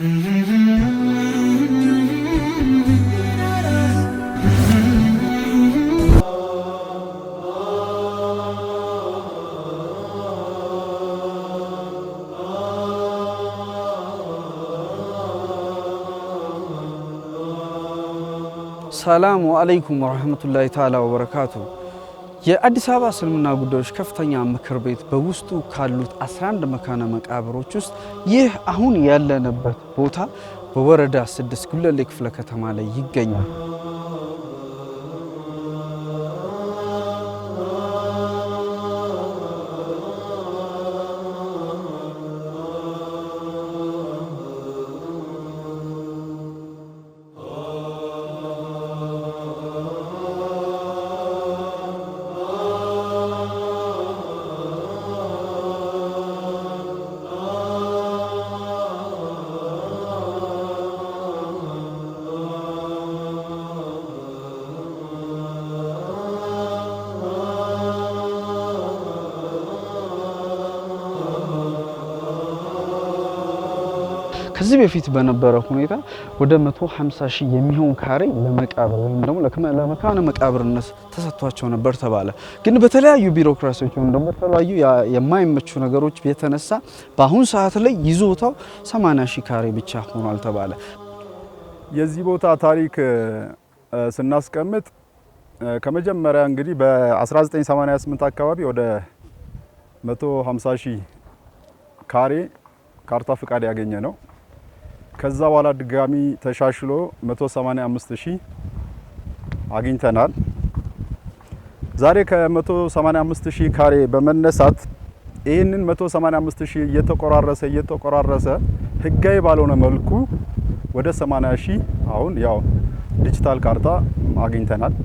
ሰላሙ አለይኩም ወረህመቱላሂ ተዓላ ወበረካቱሁ የአዲስ አበባ እስልምና ጉዳዮች ከፍተኛ ምክር ቤት በውስጡ ካሉት 11 መካነ መቃብሮች ውስጥ ይህ አሁን ያለንበት ቦታ በወረዳ 6 ጉለሌ ክፍለ ከተማ ላይ ይገኛል። ከዚህ በፊት በነበረ ሁኔታ ወደ 150 ሺህ የሚሆን ካሬ ለመቃብር ወይም ደግሞ ለመካነ መቃብርነት ተሰጥቷቸው ነበር ተባለ። ግን በተለያዩ ቢሮክራሲዎች ወይም ደግሞ በተለያዩ የማይመቹ ነገሮች የተነሳ በአሁን ሰዓት ላይ ይዞታው 80 ሺህ ካሬ ብቻ ሆኗል ተባለ። የዚህ ቦታ ታሪክ ስናስቀምጥ ከመጀመሪያ እንግዲህ በ1988 አካባቢ ወደ 150 ሺህ ካሬ ካርታ ፍቃድ ያገኘ ነው። ከዛ በኋላ ድጋሚ ተሻሽሎ 185 ሺህ አግኝተናል። ዛሬ ከ185 ሺህ ካሬ በመነሳት ይህንን 185 ሺህ እየተቆራረሰ እየተቆራረሰ ህጋዊ ባልሆነ መልኩ ወደ 80 ሺህ አሁን ያው ዲጂታል ካርታ አግኝተናል።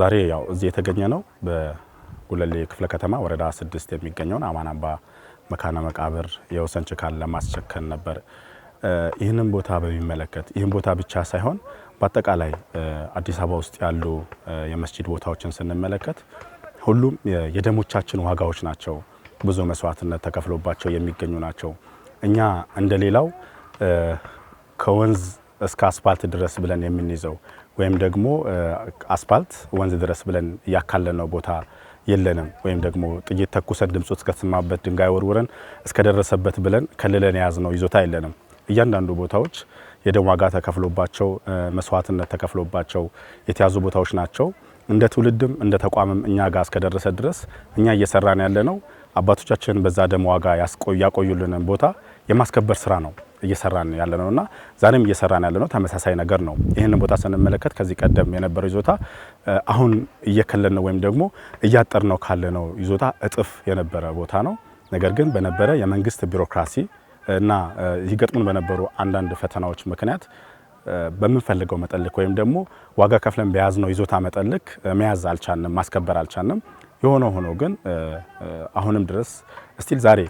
ዛሬ ያው እዚህ የተገኘ ነው በጉለሌ ክፍለ ከተማ ወረዳ ስድስት የሚገኘውን አማን አምባ መካነ መቃብር የወሰን ችካል ለማስቸከን ነበር። ይህንን ቦታ በሚመለከት ይህን ቦታ ብቻ ሳይሆን በአጠቃላይ አዲስ አበባ ውስጥ ያሉ የመስጂድ ቦታዎችን ስንመለከት ሁሉም የደሞቻችን ዋጋዎች ናቸው። ብዙ መስዋዕትነት ተከፍሎባቸው የሚገኙ ናቸው። እኛ እንደሌላው ከወንዝ እስከ አስፓልት ድረስ ብለን የምንይዘው ወይም ደግሞ አስፓልት ወንዝ ድረስ ብለን እያካለነው ቦታ የለንም። ወይም ደግሞ ጥይት ተኩሰን ድምፁ እስከተሰማበት ድንጋይ ወርውረን እስከደረሰበት ብለን ከልለን የያዝነው ይዞታ የለንም። እያንዳንዱ ቦታዎች የደም ዋጋ ተከፍሎባቸው መስዋዕትነት ተከፍሎባቸው የተያዙ ቦታዎች ናቸው። እንደ ትውልድም እንደ ተቋምም እኛ ጋር እስከደረሰ ድረስ እኛ እየሰራን ያለ ነው። አባቶቻችን በዛ ደም ዋጋ ያቆዩልንን ቦታ የማስከበር ስራ ነው እየሰራን ያለ ነው እና ዛሬም እየሰራን ያለ ነው ተመሳሳይ ነገር ነው። ይህንን ቦታ ስንመለከት ከዚህ ቀደም የነበረው ይዞታ አሁን እየከለን ነው ወይም ደግሞ እያጠር ነው ካለ ነው ይዞታ እጥፍ የነበረ ቦታ ነው። ነገር ግን በነበረ የመንግስት ቢሮክራሲ እና ይገጥሙን በነበሩ አንዳንድ ፈተናዎች ምክንያት በምንፈልገው መጠልክ ወይም ደግሞ ዋጋ ከፍለን በያዝነው ይዞታ መጠልክ መያዝ አልቻንም፣ ማስከበር አልቻንም። የሆነ ሆኖ ግን አሁንም ድረስ እስቲል ዛሬ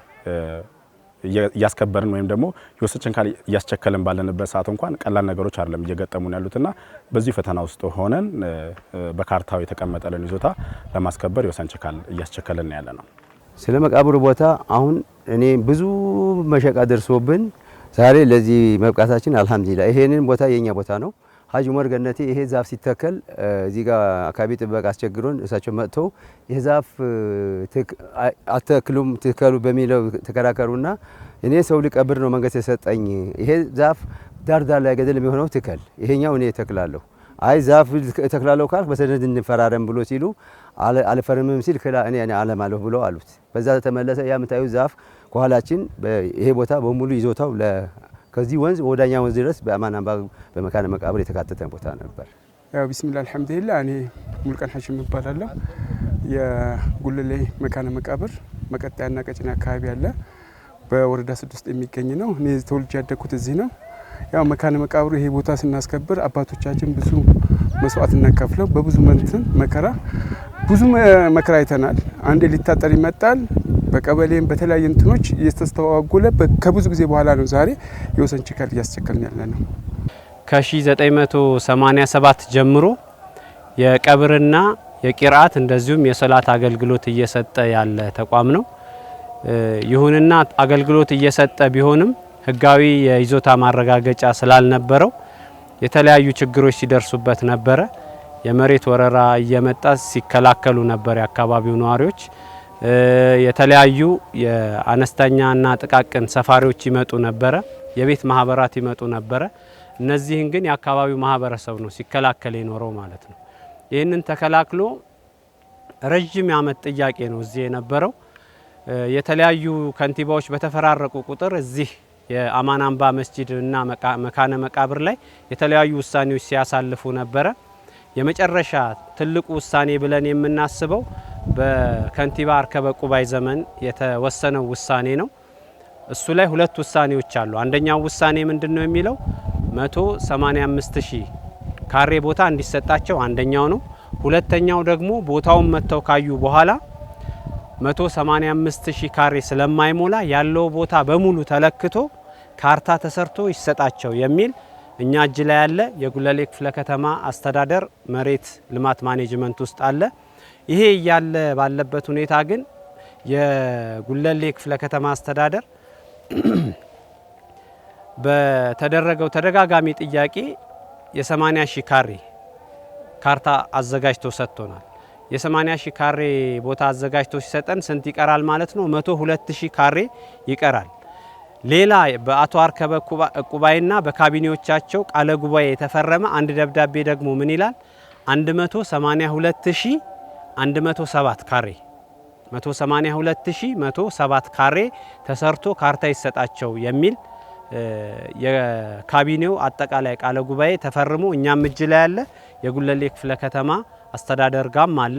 እያስከበርን ወይም ደግሞ የወሰችን ካል እያስቸከልን ባለንበት ሰዓት እንኳን ቀላል ነገሮች አይደለም እየገጠሙን ያሉትና በዚህ ፈተና ውስጥ ሆነን በካርታው የተቀመጠልን ይዞታ ለማስከበር የወሰን እያስቸከልን ያለ ነው። ስለ መቃብር ቦታ አሁን እኔ ብዙ መሸቃ ደርሶብን ዛሬ ለዚህ መብቃታችን አልሐምዱሊላ። ይሄንን ቦታ የኛ ቦታ ነው። ሀጅ ኡመር ገነቴ ይሄ ዛፍ ሲተከል እዚህ ጋር አካባቢ ጥበቃ አስቸግሮን እሳቸው መጥቶ ይሄ ዛፍ አተክሉም ትከሉ በሚለው ተከራከሩና እኔ ሰው ሊቀብር ነው መንገስ የሰጠኝ ይሄ ዛፍ ዳር ዳር ላይ ገደል የሚሆነው ትከል፣ ይሄኛው እኔ እተክላለሁ። አይ ዛፍ እተክላለሁ ካልክ በሰነድ እንፈራረም ብሎ ሲሉ አልፈርምም ሲል ክላ እኔ አለማለሁ ብሎ አሉት። በዛ ተመለሰ። ያ የምታዩት ዛፍ ከኋላችን ይሄ ቦታ በሙሉ ይዞታው ከዚህ ወንዝ ወዳኛ ወንዝ ድረስ በአማን አምባ በመካነ መቃብር የተካተተ ቦታ ነበር። ያው ቢስሚላ አልሐምዱሊላ። እኔ ሙልቀን ሐሽም እባላለሁ። የጉልሌ መካነ መቃብር መቀጣያና ቀጭኔ አካባቢ ያለ በወረዳ ስድስት የሚገኝ ነው። እኔ ተወልጄ ያደግኩት እዚህ ነው። ያው መካነ መቃብሩ ይሄ ቦታ ስናስከብር አባቶቻችን ብዙ መስዋዕትነት ከፍለው በብዙ መንትን መከራ ብዙ መከራ አይተናል። አንዴ ሊታጠር ይመጣል። በቀበሌም በተለያየ እንትኖች እየተስተዋጎለ ከብዙ ጊዜ በኋላ ነው ዛሬ የወሰን ችግር እያስቸገረን ያለ ነው። ከ1987 ጀምሮ የቀብርና የቂርአት እንደዚሁም የሰላት አገልግሎት እየሰጠ ያለ ተቋም ነው። ይሁንና አገልግሎት እየሰጠ ቢሆንም ህጋዊ የይዞታ ማረጋገጫ ስላልነበረው የተለያዩ ችግሮች ሲደርሱበት ነበረ። የመሬት ወረራ እየመጣ ሲከላከሉ ነበር የአካባቢው ነዋሪዎች። የተለያዩ የአነስተኛና ጥቃቅን ሰፋሪዎች ይመጡ ነበረ፣ የቤት ማህበራት ይመጡ ነበረ። እነዚህን ግን የአካባቢው ማህበረሰብ ነው ሲከላከል የኖረው ማለት ነው። ይህንን ተከላክሎ ረዥም የዓመት ጥያቄ ነው እዚህ የነበረው። የተለያዩ ከንቲባዎች በተፈራረቁ ቁጥር እዚህ የአማን አምባ መስጂድ እና መካነ መቃብር ላይ የተለያዩ ውሳኔዎች ሲያሳልፉ ነበረ። የመጨረሻ ትልቁ ውሳኔ ብለን የምናስበው በከንቲባ አርከበ ቁባይ ዘመን የተወሰነው ውሳኔ ነው። እሱ ላይ ሁለት ውሳኔዎች አሉ። አንደኛው ውሳኔ ምንድን ነው የሚለው 185 ሺህ ካሬ ቦታ እንዲሰጣቸው አንደኛው ነው። ሁለተኛው ደግሞ ቦታውን መጥተው ካዩ በኋላ 185 ሺህ ካሬ ስለማይሞላ ያለው ቦታ በሙሉ ተለክቶ ካርታ ተሰርቶ ይሰጣቸው የሚል እኛ እጅ ላይ ያለ የጉለሌ ክፍለ ከተማ አስተዳደር መሬት ልማት ማኔጅመንት ውስጥ አለ። ይሄ እያለ ባለበት ሁኔታ ግን የጉለሌ ክፍለ ከተማ አስተዳደር በተደረገው ተደጋጋሚ ጥያቄ የ80 ሺህ ካሬ ካርታ አዘጋጅቶ ሰጥቶናል። የ80 ሺህ ካሬ ቦታ አዘጋጅቶ ሲሰጠን ስንት ይቀራል ማለት ነው? መቶ ሁለት ሺህ ካሬ ይቀራል። ሌላ በአቶ አርከበ ቁባይና በካቢኔዎቻቸው ቃለ ጉባኤ የተፈረመ አንድ ደብዳቤ ደግሞ ምን ይላል? 182107 ካሬ 182107 ካሬ ተሰርቶ ካርታ ይሰጣቸው የሚል የካቢኔው አጠቃላይ ቃለ ጉባኤ ተፈርሞ እኛም እጅ ላይ ያለ የጉለሌ ክፍለ ከተማ አስተዳደር ጋም አለ።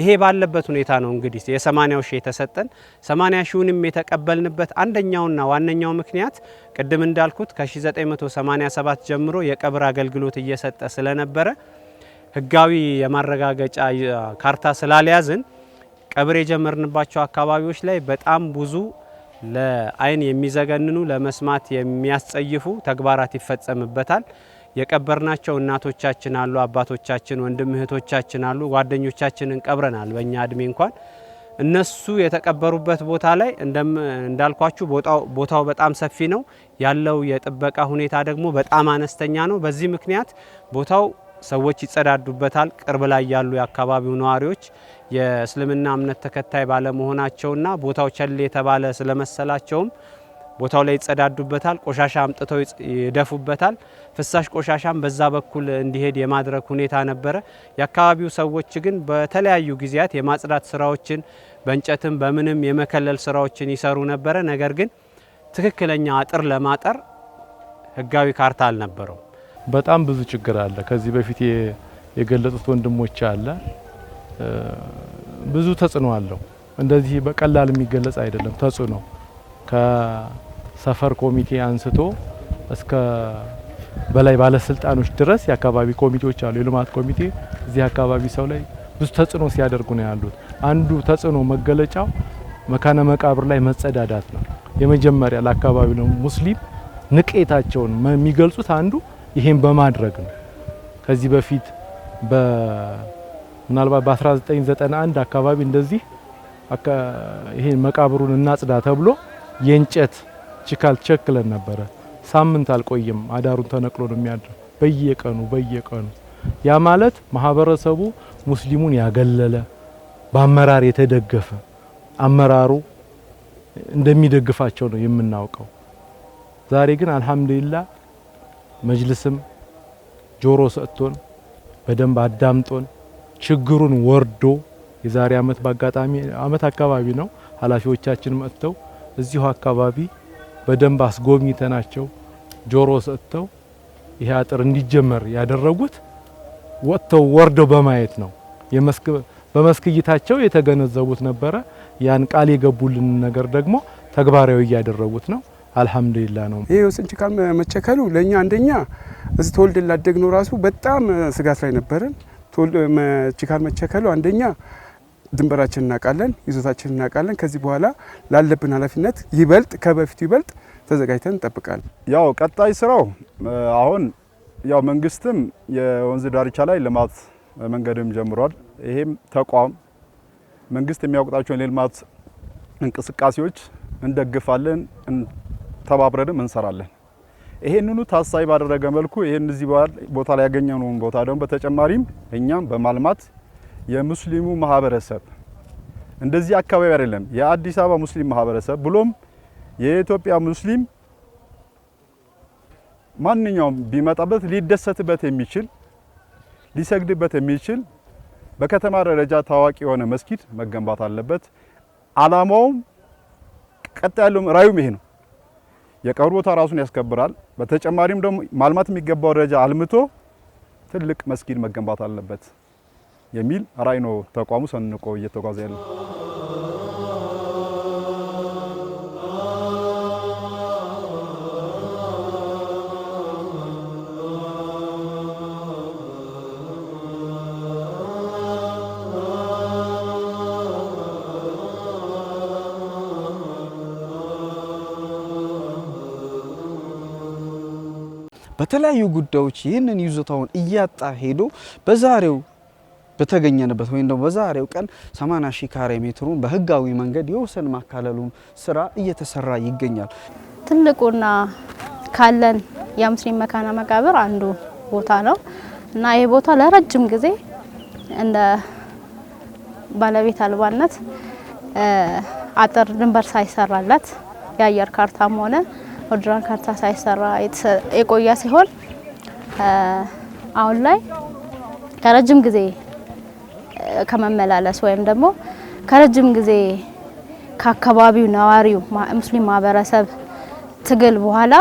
ይሄ ባለበት ሁኔታ ነው እንግዲህ የሰማንያው ሺህ የተሰጠን ሰማንያ ሺውንም የተቀበልንበት አንደኛውና ዋነኛው ምክንያት ቅድም እንዳልኩት ከ1987 ጀምሮ የቀብር አገልግሎት እየሰጠ ስለነበረ ህጋዊ የማረጋገጫ ካርታ ስላልያዝን ቀብር የጀመርንባቸው አካባቢዎች ላይ በጣም ብዙ ለአይን የሚዘገንኑ ለመስማት የሚያስጸይፉ ተግባራት ይፈጸምበታል። የቀበርናቸው እናቶቻችን አሉ፣ አባቶቻችን፣ ወንድም እህቶቻችን አሉ። ጓደኞቻችንን ቀብረናል። በእኛ እድሜ እንኳን እነሱ የተቀበሩበት ቦታ ላይ እንዳልኳችሁ ቦታው በጣም ሰፊ ነው። ያለው የጥበቃ ሁኔታ ደግሞ በጣም አነስተኛ ነው። በዚህ ምክንያት ቦታው ሰዎች ይጸዳዱበታል። ቅርብ ላይ ያሉ የአካባቢው ነዋሪዎች የእስልምና እምነት ተከታይ ባለመሆናቸውና ቦታው ቸል የተባለ ስለመሰላቸውም ቦታው ላይ ይጸዳዱበታል። ቆሻሻ አምጥተው ይደፉበታል። ፍሳሽ ቆሻሻም በዛ በኩል እንዲሄድ የማድረግ ሁኔታ ነበረ። የአካባቢው ሰዎች ግን በተለያዩ ጊዜያት የማጽዳት ስራዎችን በእንጨትም በምንም የመከለል ስራዎችን ይሰሩ ነበረ። ነገር ግን ትክክለኛ አጥር ለማጠር ህጋዊ ካርታ አልነበረው። በጣም ብዙ ችግር አለ። ከዚህ በፊት የገለጹት ወንድሞች አለ ብዙ ተጽዕኖ አለው። እንደዚህ በቀላል የሚገለጽ አይደለም ተጽዕኖ ሰፈር ኮሚቴ አንስቶ እስከ በላይ ባለስልጣኖች ድረስ የአካባቢ ኮሚቴዎች አሉ። የልማት ኮሚቴ እዚህ አካባቢ ሰው ላይ ብዙ ተጽዕኖ ሲያደርጉ ነው ያሉት። አንዱ ተጽዕኖ መገለጫው መካነ መቃብር ላይ መጸዳዳት ነው። የመጀመሪያ ለአካባቢ ነው ሙስሊም ንቄታቸውን የሚገልጹት አንዱ ይሄን በማድረግ ነው። ከዚህ በፊት ምናልባት በ1991 አካባቢ እንደዚህ ይሄን መቃብሩን እናጽዳ ተብሎ የእንጨት ችካል ቸክለን ነበረ። ሳምንት አልቆይም፣ አዳሩን ተነቅሎ ነው የሚያድረው በየቀኑ በየቀኑ። ያ ማለት ማህበረሰቡ ሙስሊሙን ያገለለ በአመራር የተደገፈ አመራሩ እንደሚደግፋቸው ነው የምናውቀው። ዛሬ ግን አልሐምዱሊላህ መጅልስም ጆሮ ሰጥቶን በደንብ አዳምጦን ችግሩን ወርዶ የዛሬ አመት በአጋጣሚ አመት አካባቢ ነው ኃላፊዎቻችን መጥተው እዚሁ አካባቢ በደንብ አስጎብኝተናቸው ጆሮ ሰጥተው ይሄ አጥር እንዲጀመር ያደረጉት ወጥተው ወርደው በማየት ነው። የመስክ በመስክ እይታቸው የተገነዘቡት ነበረ። ያን ቃል የገቡልን ነገር ደግሞ ተግባራዊ እያደረጉት ነው። አልሐምዱሊላ ነው። ይሄ የወሰን ጭቃ መቸከሉ ለእኛ አንደኛ እዚህ ተወልደን ላደግነው ራሱ በጣም ስጋት ላይ ነበረን። ጭቃ መቸከሉ አንደኛ ድንበራችን እናውቃለን፣ ይዞታችን እናውቃለን። ከዚህ በኋላ ላለብን ኃላፊነት ይበልጥ ከበፊቱ ይበልጥ ተዘጋጅተን እንጠብቃለን። ያው ቀጣይ ስራው አሁን ያው መንግስትም የወንዝ ዳርቻ ላይ ልማት መንገድም ጀምሯል። ይሄም ተቋም መንግስት የሚያውቅጣቸውን የልማት እንቅስቃሴዎች እንደግፋለን፣ ተባብረንም እንሰራለን። ይሄንኑ ታሳቢ ባደረገ መልኩ ይሄን እዚህ ቦታ ላይ ያገኘነውን ቦታ ደግሞ በተጨማሪም እኛም በማልማት የሙስሊሙ ማህበረሰብ እንደዚህ አካባቢ አይደለም። የአዲስ አበባ ሙስሊም ማህበረሰብ ብሎም የኢትዮጵያ ሙስሊም ማንኛውም ቢመጣበት ሊደሰትበት የሚችል ሊሰግድበት የሚችል በከተማ ደረጃ ታዋቂ የሆነ መስጊድ መገንባት አለበት። አላማውም ቀጥ ያለው ራዩም ይሄ ነው። የቀብር ቦታ ራሱን ያስከብራል። በተጨማሪም ደግሞ ማልማት የሚገባው ደረጃ አልምቶ ትልቅ መስጊድ መገንባት አለበት። የሚል ራዕይ ነው ተቋሙ ሰንቆ እየተጓዘ ያለ በተለያዩ ጉዳዮች ይህንን ይዞታውን እያጣ ሄዶ በዛሬው በተገኘንበት ወይም ደግሞ በዛሬው ቀን 80 ሺህ ካሬ ሜትሩን በህጋዊ መንገድ የወሰን ማካለሉን ስራ እየተሰራ ይገኛል። ትልቁና ካለን የሙስሊም መካና መቃብር አንዱ ቦታ ነው እና ይህ ቦታ ለረጅም ጊዜ እንደ ባለቤት አልባነት አጥር ድንበር ሳይሰራላት የአየር ካርታም ሆነ ወድራን ካርታ ሳይሰራ የቆየ ሲሆን አሁን ላይ ከረጅም ጊዜ ከመመላለስ ወይም ደግሞ ከረጅም ጊዜ ከአካባቢው ነዋሪው ሙስሊም ማህበረሰብ ትግል በኋላ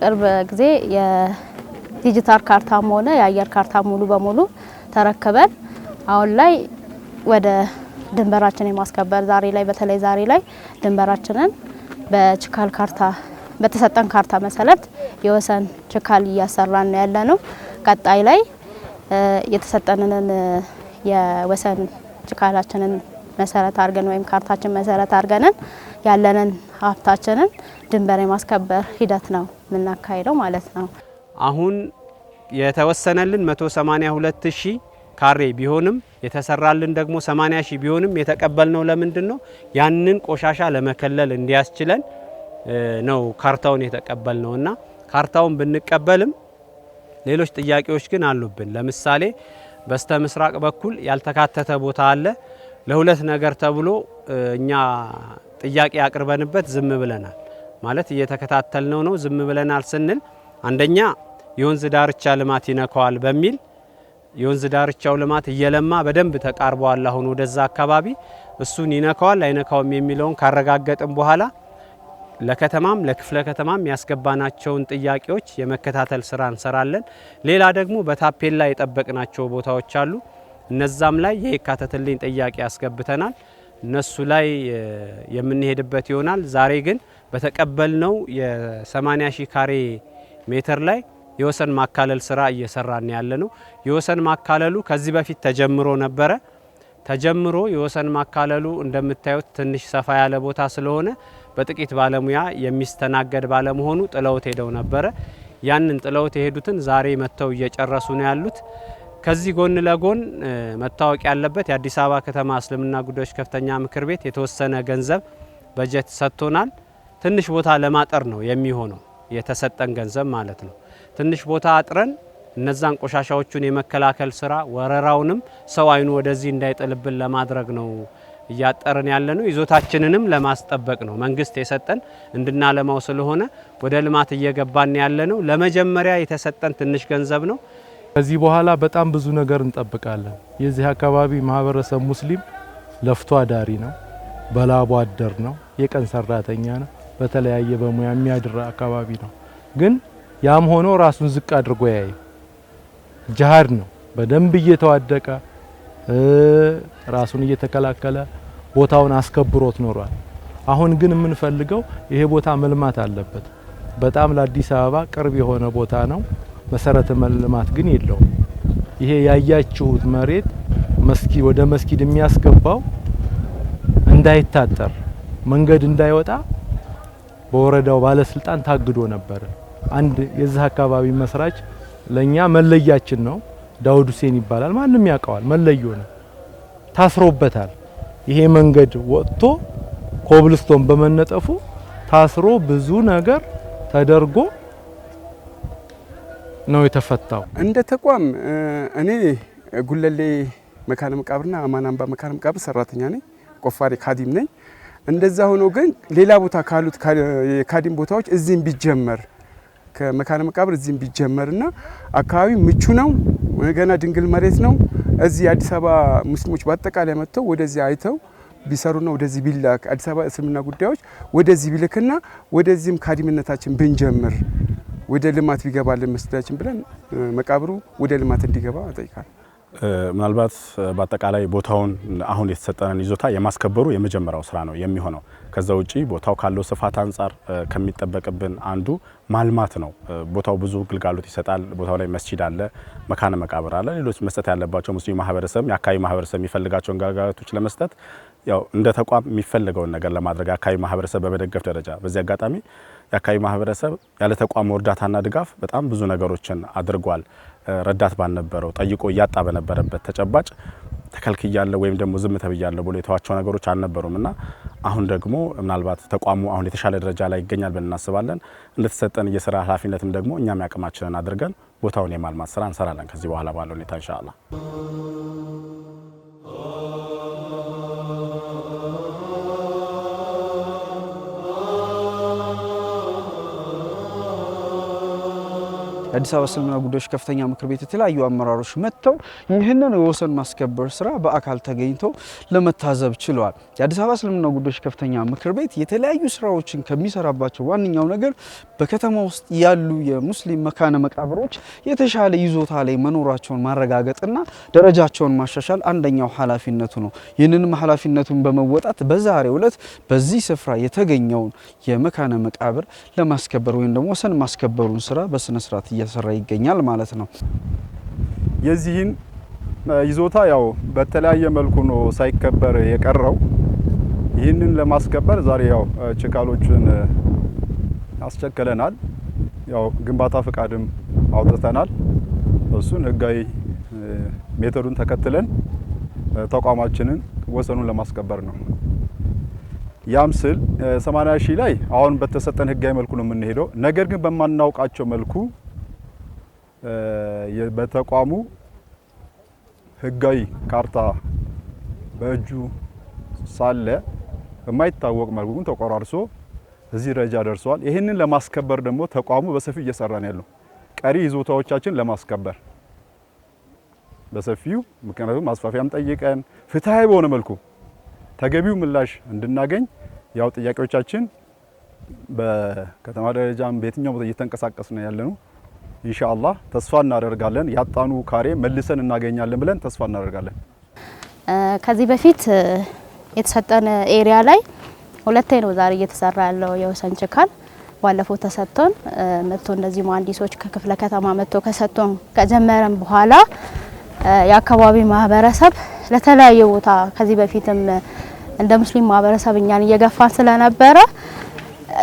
ቅርብ ጊዜ የዲጂታል ካርታም ሆነ የአየር ካርታ ሙሉ በሙሉ ተረክበን አሁን ላይ ወደ ድንበራችን የማስከበር ዛሬ ላይ በተለይ ዛሬ ላይ ድንበራችንን በችካል ካርታ በተሰጠን ካርታ መሰረት የወሰን ችካል እያሰራን ያለ ነው። ቀጣይ ላይ የተሰጠንን የወሰን ችካላችንን መሰረት አድርገን ወይም ካርታችን መሰረት አድርገንን ያለንን ሀብታችንን ድንበር የማስከበር ሂደት ነው የምናካሄደው ማለት ነው። አሁን የተወሰነልን 182 ሺህ ካሬ ቢሆንም የተሰራልን ደግሞ 80 ሺህ ቢሆንም የተቀበልነው ለምንድን ነው? ያንን ቆሻሻ ለመከለል እንዲያስችለን ነው ካርታውን የተቀበልነው እና ካርታውን ብንቀበልም ሌሎች ጥያቄዎች ግን አሉብን። ለምሳሌ በስተ ምስራቅ በኩል ያልተካተተ ቦታ አለ። ለሁለት ነገር ተብሎ እኛ ጥያቄ አቅርበንበት ዝም ብለናል። ማለት እየተከታተልነው ነው። ዝም ብለናል ስንል አንደኛ የወንዝ ዳርቻ ልማት ይነካዋል በሚል የወንዝ ዳርቻው ልማት እየለማ በደንብ ተቃርቧል። አሁን ወደዛ አካባቢ እሱን ይነካዋል አይነካውም የሚለውን ካረጋገጥም በኋላ ለከተማም ለክፍለ ከተማም ያስገባናቸውን ጥያቄዎች የመከታተል ስራ እንሰራለን። ሌላ ደግሞ በታፔላ የጠበቅናቸው ቦታዎች አሉ። እነዛም ላይ የካተትልኝ ጥያቄ ያስገብተናል። እነሱ ላይ የምንሄድበት ይሆናል። ዛሬ ግን በተቀበልነው የ80 ሺህ ካሬ ሜትር ላይ የወሰን ማካለል ስራ እየሰራን ያለ ነው። የወሰን ማካለሉ ከዚህ በፊት ተጀምሮ ነበረ። ተጀምሮ የወሰን ማካለሉ እንደምታዩት ትንሽ ሰፋ ያለ ቦታ ስለሆነ በጥቂት ባለሙያ የሚስተናገድ ባለመሆኑ ጥለውት ሄደው ነበረ። ያንን ጥለውት የሄዱትን ዛሬ መጥተው እየጨረሱ ነው ያሉት። ከዚህ ጎን ለጎን መታወቅ ያለበት የአዲስ አበባ ከተማ እስልምና ጉዳዮች ከፍተኛ ምክር ቤት የተወሰነ ገንዘብ በጀት ሰጥቶናል። ትንሽ ቦታ ለማጠር ነው የሚሆነው የተሰጠን ገንዘብ ማለት ነው። ትንሽ ቦታ አጥረን እነዛን ቆሻሻዎቹን የመከላከል ስራ ወረራውንም ሰው አይኑ ወደዚህ እንዳይጥልብን ለማድረግ ነው እያጠርን ነው። ይዞታችንንም ለማስጠበቅ ነው። መንግስት የሰጠን እንድናለማው ስለሆነ ወደ ልማት እየገባን ነው። ለመጀመሪያ የተሰጠን ትንሽ ገንዘብ ነው። ከዚህ በኋላ በጣም ብዙ ነገር እንጠብቃለን። የዚህ አካባቢ ማህበረሰብ ሙስሊም ለፍቶ አዳሪ ነው፣ በላቡ አደር ነው፣ የቀን ሰራተኛ ነው፣ በተለያየ በሙያ የሚያድር አካባቢ ነው። ግን ያም ሆኖ ራሱን ዝቅ አድርጎ ያየ ጅሃድ ነው በደንብ እየተዋደቀ ራሱን እየተከላከለ ቦታውን አስከብሮት ኖሯል። አሁን ግን የምንፈልገው ይሄ ቦታ መልማት አለበት። በጣም ለአዲስ አበባ ቅርብ የሆነ ቦታ ነው። መሰረተ መልማት ግን የለውም። ይሄ ያያችሁት መሬት መስኪ ወደ መስጊድ የሚያስገባው እንዳይታጠር መንገድ እንዳይወጣ በወረዳው ባለስልጣን ታግዶ ነበር። አንድ የዚህ አካባቢ መስራች ለኛ መለያችን ነው። ዳውድ ሁሴን ይባላል። ማንም ያውቀዋል፣ መለዮ ነው። ታስሮበታል። ይሄ መንገድ ወጥቶ ኮብልስቶን በመነጠፉ ታስሮ ብዙ ነገር ተደርጎ ነው የተፈታው። እንደ ተቋም እኔ ጉለሌ መካነ መቃብርና አማን መካነ መቃብር ሰራተኛ ነኝ፣ ቆፋሪ ካዲም ነኝ። እንደዛ ሆኖ ግን ሌላ ቦታ ካሉት የካዲም ቦታዎች እዚህም ቢጀመር ከመካነ መቃብር እዚህም ቢጀመርና አካባቢ ምቹ ነው ገና ድንግል መሬት ነው። እዚህ አዲስ አበባ ሙስሊሞች በአጠቃላይ መጥተው ወደዚህ አይተው ቢሰሩና ወደዚህ ቢላክ አዲስ አበባ እስልምና ጉዳዮች ወደዚህ ቢልክና ወደዚህም ካዲምነታችን ብንጀምር ወደ ልማት ቢገባልን መስጊዳችን ብለን መቃብሩ ወደ ልማት እንዲገባ እጠይቃለሁ። ምናልባት በአጠቃላይ ቦታውን አሁን የተሰጠነን ይዞታ የማስከበሩ የመጀመሪያው ስራ ነው የሚሆነው። ከዛ ውጪ ቦታው ካለው ስፋት አንጻር ከሚጠበቅብን አንዱ ማልማት ነው። ቦታው ብዙ ግልጋሎት ይሰጣል። ቦታው ላይ መስጂድ አለ፣ መካነ መቃብር አለ፣ ሌሎች መስጠት ያለባቸው ሙስሊም ማህበረሰብ፣ የአካባቢ ማህበረሰብ የሚፈልጋቸውን ግልጋሎቶች ለመስጠት ያው እንደ ተቋም የሚፈልገውን ነገር ለማድረግ የአካባቢ ማህበረሰብ በመደገፍ ደረጃ በዚህ አጋጣሚ የአካባቢ ማህበረሰብ ያለ ተቋም እርዳታና ድጋፍ በጣም ብዙ ነገሮችን አድርጓል። ረዳት ባልነበረው ጠይቆ እያጣ በነበረበት ተጨባጭ ተከልክያለሁ ወይም ደግሞ ዝም ተብያለሁ ብሎ የተዋቸው ነገሮች አልነበሩም እና አሁን ደግሞ ምናልባት ተቋሙ አሁን የተሻለ ደረጃ ላይ ይገኛል ብለን እናስባለን። እንደተሰጠን የስራ ኃላፊነትም ደግሞ እኛም ያቅማችንን አድርገን ቦታውን የማልማት ስራ እንሰራለን ከዚህ በኋላ ባለው ሁኔታ እንሻላ። የአዲስ አበባ እስልምና ጉዳዮች ከፍተኛ ምክር ቤት የተለያዩ አመራሮች መጥተው ይህንን የወሰን ማስከበር ስራ በአካል ተገኝቶ ለመታዘብ ችለዋል። የአዲስ አበባ እስልምና ጉዳዮች ከፍተኛ ምክር ቤት የተለያዩ ስራዎችን ከሚሰራባቸው ዋነኛው ነገር በከተማ ውስጥ ያሉ የሙስሊም መካነ መቃብሮች የተሻለ ይዞታ ላይ መኖራቸውን ማረጋገጥና ደረጃቸውን ማሻሻል አንደኛው ኃላፊነቱ ነው። ይህንንም ኃላፊነቱን በመወጣት በዛሬው ዕለት በዚህ ስፍራ የተገኘውን የመካነ መቃብር ለማስከበር ወይም ደግሞ ወሰን ማስከበሩን ስራ በስነስርዓት እየሰራ ይገኛል ማለት ነው። የዚህን ይዞታ ያው በተለያየ መልኩ ነው ሳይከበር የቀረው። ይህንን ለማስከበር ዛሬ ያው ችካሎችን አስቸክለናል። ያው ግንባታ ፈቃድም አውጥተናል። እሱን ህጋዊ ሜተዱን ተከትለን ተቋማችንን ወሰኑን ለማስከበር ነው። ያም ስል 80 ሺህ ላይ አሁን በተሰጠን ህጋዊ መልኩ ነው የምንሄደው። ነገር ግን በማናውቃቸው መልኩ በተቋሙ ህጋዊ ካርታ በእጁ ሳለ በማይታወቅ መልኩ ግን ተቆራርሶ እዚህ ደረጃ ደርሰዋል። ይህንን ለማስከበር ደግሞ ተቋሙ በሰፊው እየሰራ ነው ያለው ቀሪ ይዞታዎቻችን ለማስከበር በሰፊው ምክንያቱም ማስፋፊያም ጠይቀን ፍትሐዊ በሆነ መልኩ ተገቢው ምላሽ እንድናገኝ ያው ጥያቄዎቻችን በከተማ ደረጃም በየትኛው ቦታ እየተንቀሳቀስ ነው ያለነው። ኢንሻአላህ ተስፋ እናደርጋለን። ያጣኑ ካሬ መልሰን እናገኛለን ብለን ተስፋ እናደርጋለን። ከዚህ በፊት የተሰጠን ኤሪያ ላይ ሁለቴ ነው ዛሬ እየተሰራ ያለው የወሰን ችካል ባለፈው ተሰጥቶን መጥቶ እንደዚህ መሀንዲሶች ከክፍለ ከተማ መጥቶ ከሰጥቶን ከጀመረን በኋላ የአካባቢ ማህበረሰብ ለተለያየ ቦታ ከዚህ በፊትም እንደ ሙስሊም ማህበረሰብ እኛን እየገፋን ስለነበረ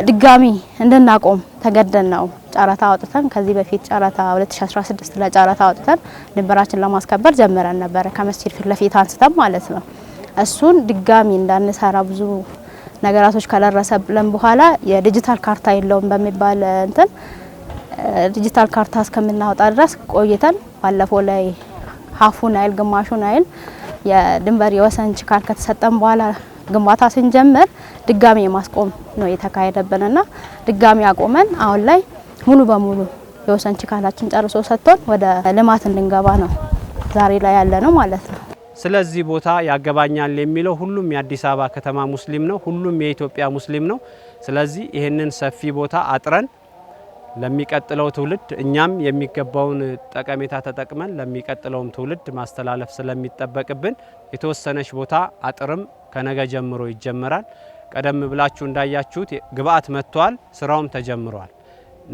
ድጋሚ እንድናቆም ተገደን ነው ጨረታ አውጥተን ከዚህ በፊት ጨረታ 2016 ላይ ጨረታ አውጥተን ድንበራችን ለማስከበር ጀምረን ነበረ ከመስጂድ ፊት ለፊት አንስተን ማለት ነው። እሱን ድጋሚ እንዳንሰራ ብዙ ነገራቶች ከደረሰብለን በኋላ የዲጂታል ካርታ የለውም በሚባል እንትን ዲጂታል ካርታ እስከምናወጣ ድረስ ቆይተን ባለፈው ላይ ሀፉን አይል ግማሹን አይል የድንበር የወሰን ችካል ከተሰጠን በኋላ ግንባታ ስንጀምር ድጋሚ የማስቆም ነው የተካሄደብንና ድጋሚ አቆመን አሁን ላይ ሙሉ በሙሉ የወሰን ችካላችን ጨርሶ ሰጥቶን ወደ ልማት እንድንገባ ነው ዛሬ ላይ ያለ ነው ማለት ነው። ስለዚህ ቦታ ያገባኛል የሚለው ሁሉም የአዲስ አበባ ከተማ ሙስሊም ነው፣ ሁሉም የኢትዮጵያ ሙስሊም ነው። ስለዚህ ይህንን ሰፊ ቦታ አጥረን ለሚቀጥለው ትውልድ እኛም የሚገባውን ጠቀሜታ ተጠቅመን ለሚቀጥለውም ትውልድ ማስተላለፍ ስለሚጠበቅብን የተወሰነች ቦታ አጥርም ከነገ ጀምሮ ይጀመራል። ቀደም ብላችሁ እንዳያችሁት ግብአት መጥቷል፣ ስራውም ተጀምሯል።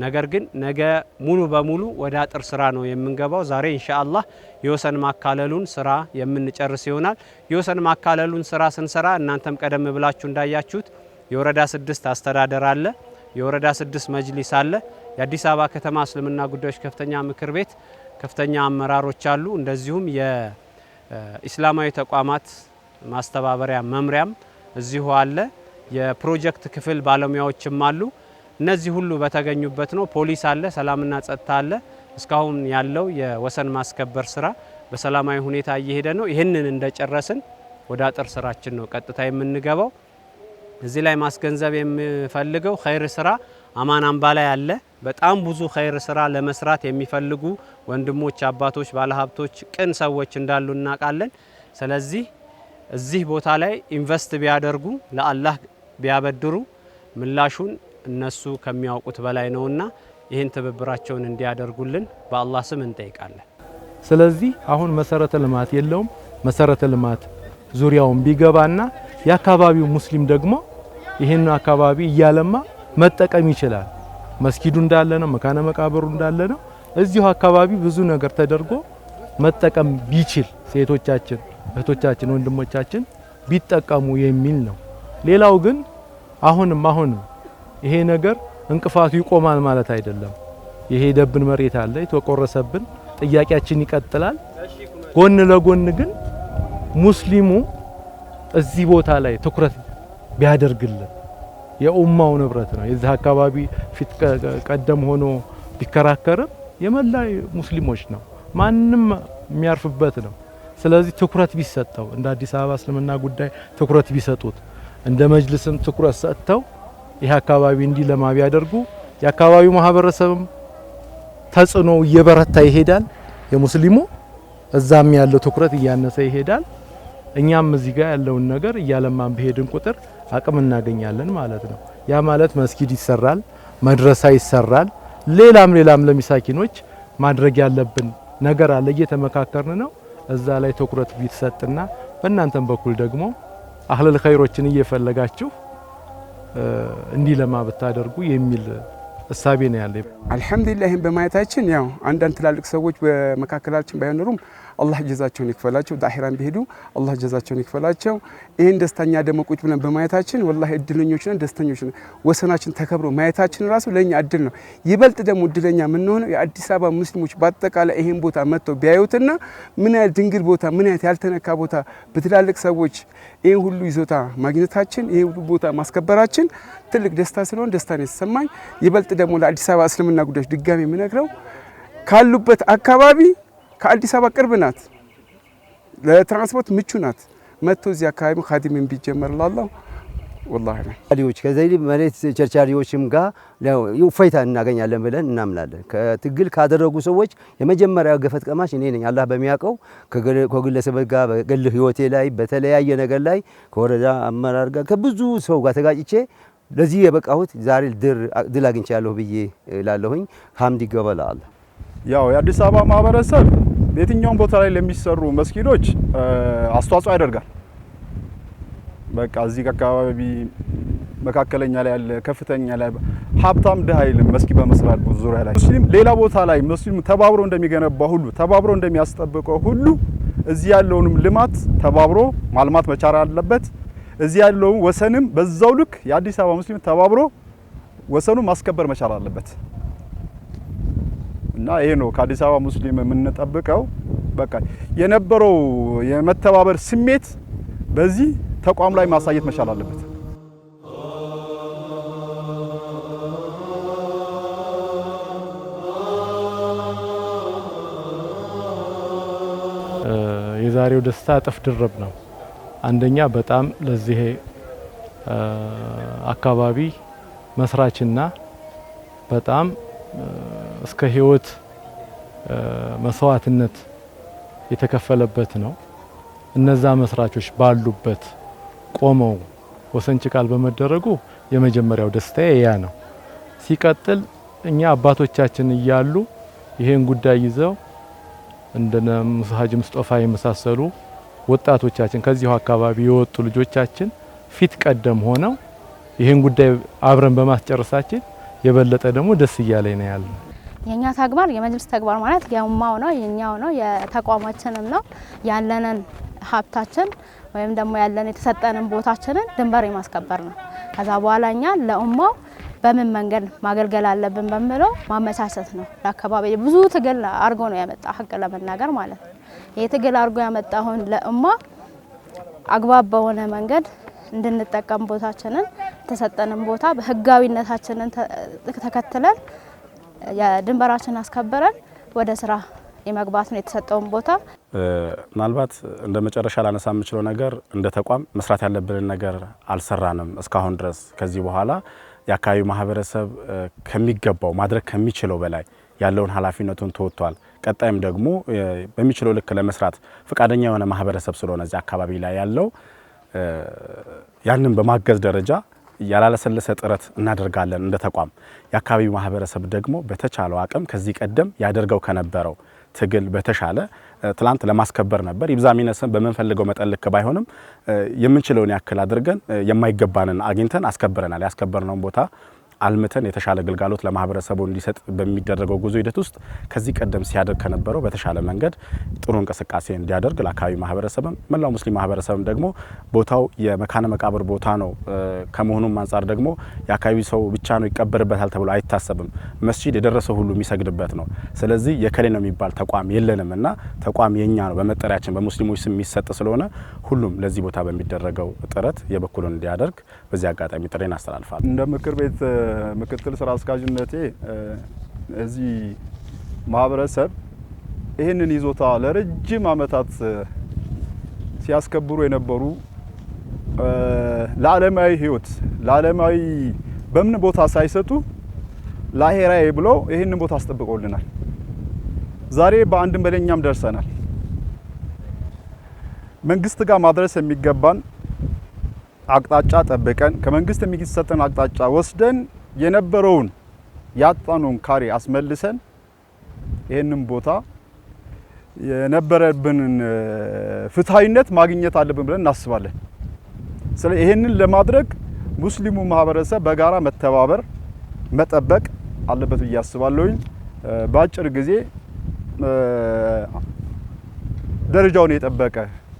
ነገር ግን ነገ ሙሉ በሙሉ ወደ አጥር ስራ ነው የምንገባው። ዛሬ ኢንሻአላህ የወሰን ማካለሉን ስራ የምንጨርስ ይሆናል። የወሰን ማካለሉን ስራ ስንሰራ እናንተም ቀደም ብላችሁ እንዳያችሁት የወረዳ ስድስት አስተዳደር አለ፣ የወረዳ ስድስት መጅሊስ አለ፣ የአዲስ አበባ ከተማ እስልምና ጉዳዮች ከፍተኛ ምክር ቤት ከፍተኛ አመራሮች አሉ። እንደዚሁም የኢስላማዊ ተቋማት ማስተባበሪያ መምሪያም እዚሁ አለ። የፕሮጀክት ክፍል ባለሙያዎችም አሉ። እነዚህ ሁሉ በተገኙበት ነው። ፖሊስ አለ፣ ሰላምና ጸጥታ አለ። እስካሁን ያለው የወሰን ማስከበር ስራ በሰላማዊ ሁኔታ እየሄደ ነው። ይህንን እንደጨረስን ወደ አጥር ስራችን ነው ቀጥታ የምንገባው። እዚህ ላይ ማስገንዘብ የምፈልገው ኸይር ስራ አማን አምባ ላይ አለ። በጣም ብዙ ኸይር ስራ ለመስራት የሚፈልጉ ወንድሞች፣ አባቶች፣ ባለሀብቶች፣ ቅን ሰዎች እንዳሉ እናውቃለን። ስለዚህ እዚህ ቦታ ላይ ኢንቨስት ቢያደርጉ ለአላህ ቢያበድሩ ምላሹን እነሱ ከሚያውቁት በላይ ነውና ይህን ትብብራቸውን እንዲያደርጉልን በአላህ ስም እንጠይቃለን። ስለዚህ አሁን መሰረተ ልማት የለውም። መሰረተ ልማት ዙሪያውን ቢገባና የአካባቢው ሙስሊም ደግሞ ይህን አካባቢ እያለማ መጠቀም ይችላል። መስጊዱ እንዳለ ነው፣ መካነ መቃብሩ እንዳለ ነው። እዚሁ አካባቢ ብዙ ነገር ተደርጎ መጠቀም ቢችል ሴቶቻችን፣ እህቶቻችን፣ ወንድሞቻችን ቢጠቀሙ የሚል ነው። ሌላው ግን አሁንም አሁንም ይሄ ነገር እንቅፋቱ ይቆማል ማለት አይደለም። የሄደብን መሬት አለ፣ የተቆረሰብን ጥያቄያችን ይቀጥላል። ጎን ለጎን ግን ሙስሊሙ እዚህ ቦታ ላይ ትኩረት ቢያደርግልን የኡማው ንብረት ነው። የዚህ አካባቢ ፊት ቀደም ሆኖ ቢከራከርም የመላ ሙስሊሞች ነው። ማንም የሚያርፍበት ነው። ስለዚህ ትኩረት ቢሰጠው እንደ አዲስ አበባ እስልምና ጉዳይ ትኩረት ቢሰጡት እንደ መጅልስም ትኩረት ሰጥተው ይህ አካባቢ እንዲለማ ቢያደርጉ የአካባቢው ማህበረሰብም ተጽዕኖ እየበረታ ይሄዳል። የሙስሊሙ እዛም ያለው ትኩረት እያነሰ ይሄዳል። እኛም እዚህ ጋር ያለውን ነገር እያለማን በሄድን ቁጥር አቅም እናገኛለን ማለት ነው። ያ ማለት መስጊድ ይሰራል፣ መድረሳ ይሰራል፣ ሌላም ሌላም ለሚሳኪኖች ማድረግ ያለብን ነገር አለ። እየተመካከርን ነው። እዛ ላይ ትኩረት ቢሰጥና በእናንተም በኩል ደግሞ አህለል ኸይሮችን እየፈለጋችሁ እንዲለማ ብታደርጉ የሚል እሳቤ ነው ያለ። አልሐምዱሊላህ በማየታችን ያው አንዳንድ ትላልቅ ሰዎች በመካከላችን ባይኖሩም አላህ ጀዛቸውን ይክፈላቸው። ዳሂራን ቢሄዱ አላህ ጀዛቸውን ይክፈላቸው። ይህን ደስተኛ ደግሞ ቁጭ ብለን በማየታችን ወላሂ እድለኞች ነን፣ ደስተኞች ነን። ወሰናችን ተከብሮ ማየታችን ራሱ ለእኛ እድል ነው። ይበልጥ ደግሞ እድለኛ የምንሆነው የአዲስ አበባ ሙስሊሞች በአጠቃላይ ይህን ቦታ መጥተው ቢያዩትና ምን ያህል ድንግል ቦታ፣ ምን ያህል ያልተነካ ቦታ በትላልቅ ሰዎች ይህን ሁሉ ይዞታ ማግኘታችን፣ ይህ ሁሉ ቦታ ማስከበራችን ትልቅ ደስታ ስለሆን ደስታን የተሰማኝ ይበልጥ ደግሞ ለአዲስ አበባ እስልምና ጉዳዮች ድጋሚ የምነግረው ካሉበት አካባቢ ከአዲስ አበባ ቅርብ ናት፣ ለትራንስፖርት ምቹ ናት። መጥቶ እዚህ አካባቢ ካዲምን ቢጀመር ላለሁ ወላሂዎች ከዚህ መሬት ቸርቻሪዎችም ጋር እፎይታ እናገኛለን ብለን እናምናለን። ከትግል ካደረጉ ሰዎች የመጀመሪያ ገፈት ቀማሽ እኔ ነኝ። አላህ በሚያውቀው ከግለሰቦች ጋር በግል ህይወቴ ላይ በተለያየ ነገር ላይ ከወረዳ አመራር ጋር ከብዙ ሰው ጋር ተጋጭቼ ለዚህ የበቃሁት ዛሬ ድል አግኝቻለሁ ብዬ ላለሁኝ ሀምድ ይገበላል። ያው የአዲስ አበባ ማህበረሰብ በየትኛውም ቦታ ላይ ለሚሰሩ መስጊዶች አስተዋጽኦ ያደርጋል። በቃ እዚህ አካባቢ መካከለኛ ላይ ያለ ከፍተኛ ላይ ሀብታም ድሃ አይልም። መስጊድ በመስራት ዙሪያ ላይ ሙስሊም ሌላ ቦታ ላይ ሙስሊም ተባብሮ እንደሚገነባ ሁሉ ተባብሮ እንደሚያስጠብቀው ሁሉ እዚህ ያለውንም ልማት ተባብሮ ማልማት መቻል አለበት። እዚህ ያለውን ወሰንም በዛው ልክ የአዲስ አበባ ሙስሊም ተባብሮ ወሰኑ ማስከበር መቻል አለበት። እና ይሄ ነው ከአዲስ አበባ ሙስሊም የምንጠብቀው። በቃ የነበረው የመተባበር ስሜት በዚህ ተቋም ላይ ማሳየት መቻል አለበት። የዛሬው ደስታ እጥፍ ድርብ ነው። አንደኛ በጣም ለዚህ አካባቢ መስራችና በጣም እስከ ህይወት መስዋዕትነት የተከፈለበት ነው። እነዛ መስራቾች ባሉበት ቆመው ወሰን ቃል በመደረጉ የመጀመሪያው ደስታዬ ያ ነው። ሲቀጥል እኛ አባቶቻችን እያሉ ይሄን ጉዳይ ይዘው እንደነ ሀጂ ሙስጦፋ የመሳሰሉ ወጣቶቻችን ከዚሁ አካባቢ የወጡ ልጆቻችን ፊት ቀደም ሆነው ይህን ጉዳይ አብረን በማስጨረሳችን የበለጠ ደግሞ ደስ እያለኝ ነው ያለ የኛ ተግባር የመጅልስ ተግባር ማለት የማው ነው የኛው ነው የተቋማችንም ነው ያለንን ሀብታችን ወይም ደግሞ ያለን የተሰጠንን ቦታችንን ድንበር የማስከበር ነው። ከዛ በኋላ እኛ ለኡማው በምን መንገድ ማገልገል አለብን በምለው ማመቻቸት ነው። ለአካባቢ ብዙ ትግል አድርጎ ነው ያመጣ ህግ ለመናገር ማለት ነው። ይህ ትግል አድርጎ ያመጣውን ለኡማ አግባብ በሆነ መንገድ እንድንጠቀም ቦታችንን የተሰጠንን ቦታ በህጋዊነታችንን ተከትለን የድንበራችን አስከብረን ወደ ስራ የመግባት ነው የተሰጠውን ቦታ። ምናልባት እንደ መጨረሻ ላነሳ የምችለው ነገር እንደ ተቋም መስራት ያለብንን ነገር አልሰራንም እስካሁን ድረስ። ከዚህ በኋላ የአካባቢው ማህበረሰብ ከሚገባው ማድረግ ከሚችለው በላይ ያለውን ኃላፊነቱን ተወጥቷል። ቀጣይም ደግሞ በሚችለው ልክ ለመስራት ፈቃደኛ የሆነ ማህበረሰብ ስለሆነ እዚህ አካባቢ ላይ ያለው ያንን በማገዝ ደረጃ ያላለሰለሰ ጥረት እናደርጋለን እንደ ተቋም። የአካባቢው ማህበረሰብ ደግሞ በተቻለው አቅም ከዚህ ቀደም ያደርገው ከነበረው ትግል በተሻለ ትላንት ለማስከበር ነበር። ይብዛ ሚነስን በምንፈልገው መጠን ልክ ባይሆንም የምንችለውን ያክል አድርገን የማይገባንን አግኝተን አስከብረናል። ያስከበርነውን ቦታ አልምተን የተሻለ ግልጋሎት ለማህበረሰቡ እንዲሰጥ በሚደረገው ጉዞ ሂደት ውስጥ ከዚህ ቀደም ሲያደርግ ከነበረው በተሻለ መንገድ ጥሩ እንቅስቃሴ እንዲያደርግ ለአካባቢ ማህበረሰብም መላው ሙስሊም ማህበረሰብም ደግሞ ቦታው የመካነ መቃብር ቦታ ነው ከመሆኑም አንጻር ደግሞ የአካባቢ ሰው ብቻ ነው ይቀበርበታል ተብሎ አይታሰብም። መስጂድ የደረሰው ሁሉ የሚሰግድበት ነው። ስለዚህ የከሌ ነው የሚባል ተቋም የለንም እና ተቋም የኛ ነው በመጠሪያችን በሙስሊሞች ስም የሚሰጥ ስለሆነ ሁሉም ለዚህ ቦታ በሚደረገው ጥረት የበኩሉን እንዲያደርግ በዚህ አጋጣሚ ጥሬን አስተላልፋል እንደ ምክር ቤት በምክትል ስራ አስኪያጅነቴ እዚህ ማህበረሰብ ይህንን ይዞታ ለረጅም ዓመታት ሲያስከብሩ የነበሩ ለዓለማዊ ህይወት ለዓለማዊ በምን ቦታ ሳይሰጡ ላሄራዊ ብለው ይህንን ቦታ አስጠብቆልናል። ዛሬ በአንድም በለኛም ደርሰናል። መንግስት ጋር ማድረስ የሚገባን አቅጣጫ ጠብቀን ከመንግስት የሚሰጠን አቅጣጫ ወስደን የነበረውን ያጣኑን ካሬ አስመልሰን ይህንን ቦታ የነበረብንን ፍትሐዊነት ማግኘት አለብን ብለን እናስባለን። ስለ ይህንን ለማድረግ ሙስሊሙ ማህበረሰብ በጋራ መተባበር፣ መጠበቅ አለበት ብዬ አስባለሁኝ። በአጭር ጊዜ ደረጃውን የጠበቀ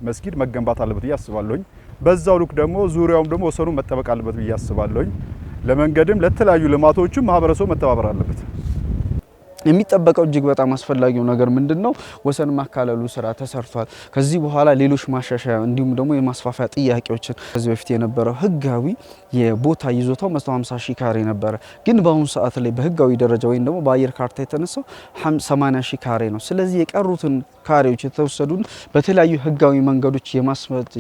መስጊድ መገንባት አለበት ብዬ አስባለሁኝ። በዛው ልክ ደግሞ ዙሪያውም ደግሞ ወሰኑ መጠበቅ አለበት ብዬ አስባለሁኝ። ለመንገድም ለተለያዩ ልማቶችም ማህበረሰቡ መተባበር አለበት። የሚጠበቀው እጅግ በጣም አስፈላጊው ነገር ምንድን ነው? ወሰን ማካለሉ ስራ ተሰርቷል። ከዚህ በኋላ ሌሎች ማሻሻያ እንዲሁም ደግሞ የማስፋፊያ ጥያቄዎችን ከዚህ በፊት የነበረው ህጋዊ የቦታ ይዞታው 150 ሺ ካሬ ነበረ፣ ግን በአሁኑ ሰዓት ላይ በህጋዊ ደረጃ ወይም ደግሞ በአየር ካርታ የተነሳው 80 ሺህ ካሬ ነው። ስለዚህ የቀሩትን ካሬዎች የተወሰዱን በተለያዩ ህጋዊ መንገዶች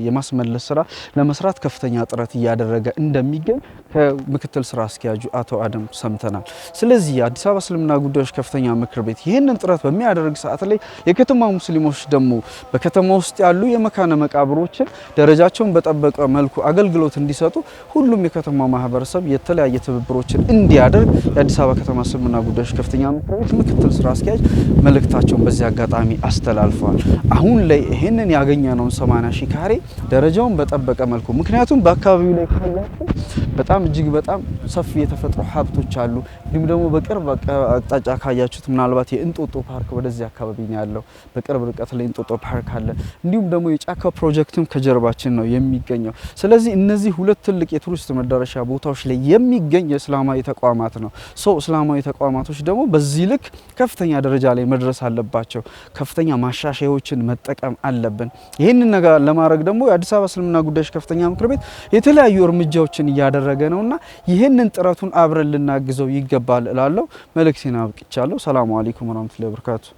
የማስመለስ ስራ ለመስራት ከፍተኛ ጥረት እያደረገ እንደሚገኝ ከምክትል ስራ አስኪያጁ አቶ አደም ሰምተናል። ስለዚህ የአዲስ አበባ እስልምና ጉዳዮች ከፍተ ከፍተኛ ምክር ቤት ይህንን ጥረት በሚያደርግ ሰዓት ላይ የከተማ ሙስሊሞች ደግሞ በከተማ ውስጥ ያሉ የመካነ መቃብሮችን ደረጃቸውን በጠበቀ መልኩ አገልግሎት እንዲሰጡ ሁሉም የከተማ ማህበረሰብ የተለያየ ትብብሮችን እንዲያደርግ የአዲስ አበባ ከተማ እስልምና ጉዳዮች ከፍተኛ ምክር ቤት ምክትል ስራ አስኪያጅ መልእክታቸውን በዚህ አጋጣሚ አስተላልፈዋል። አሁን ላይ ይህንን ያገኘነውን ሰማንያ ሺ ካሬ ደረጃውን በጠበቀ መልኩ ምክንያቱም በአካባቢው ላይ ካላቸው በጣም እጅግ በጣም ሰፊ የተፈጥሮ ሀብቶች አሉ እንዲሁም ደግሞ በቅርብ አቅጣጫ ካያ እንዳያችሁት ምናልባት የእንጦጦ ፓርክ ወደዚህ አካባቢ ነው ያለው። በቅርብ ርቀት ላይ እንጦጦ ፓርክ አለ። እንዲሁም ደግሞ የጫካ ፕሮጀክትም ከጀርባችን ነው የሚገኘው። ስለዚህ እነዚህ ሁለት ትልቅ የቱሪስት መዳረሻ ቦታዎች ላይ የሚገኝ የእስላማዊ ተቋማት ነው። ሶ እስላማዊ ተቋማቶች ደግሞ በዚህ ልክ ከፍተኛ ደረጃ ላይ መድረስ አለባቸው። ከፍተኛ ማሻሻያዎችን መጠቀም አለብን። ይህንን ነገር ለማድረግ ደግሞ የአዲስ አበባ እስልምና ጉዳዮች ከፍተኛ ምክር ቤት የተለያዩ እርምጃዎችን እያደረገ ነውና ይህንን ጥረቱን አብረን ልናግዘው ይገባል እላለሁ። መልእክቴን አብቅቻለሁ። አመሰግናለሁ። ሰላሙ አለይኩም ወራህመቱላሂ ወበረካቱ።